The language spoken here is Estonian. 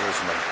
eesmärk.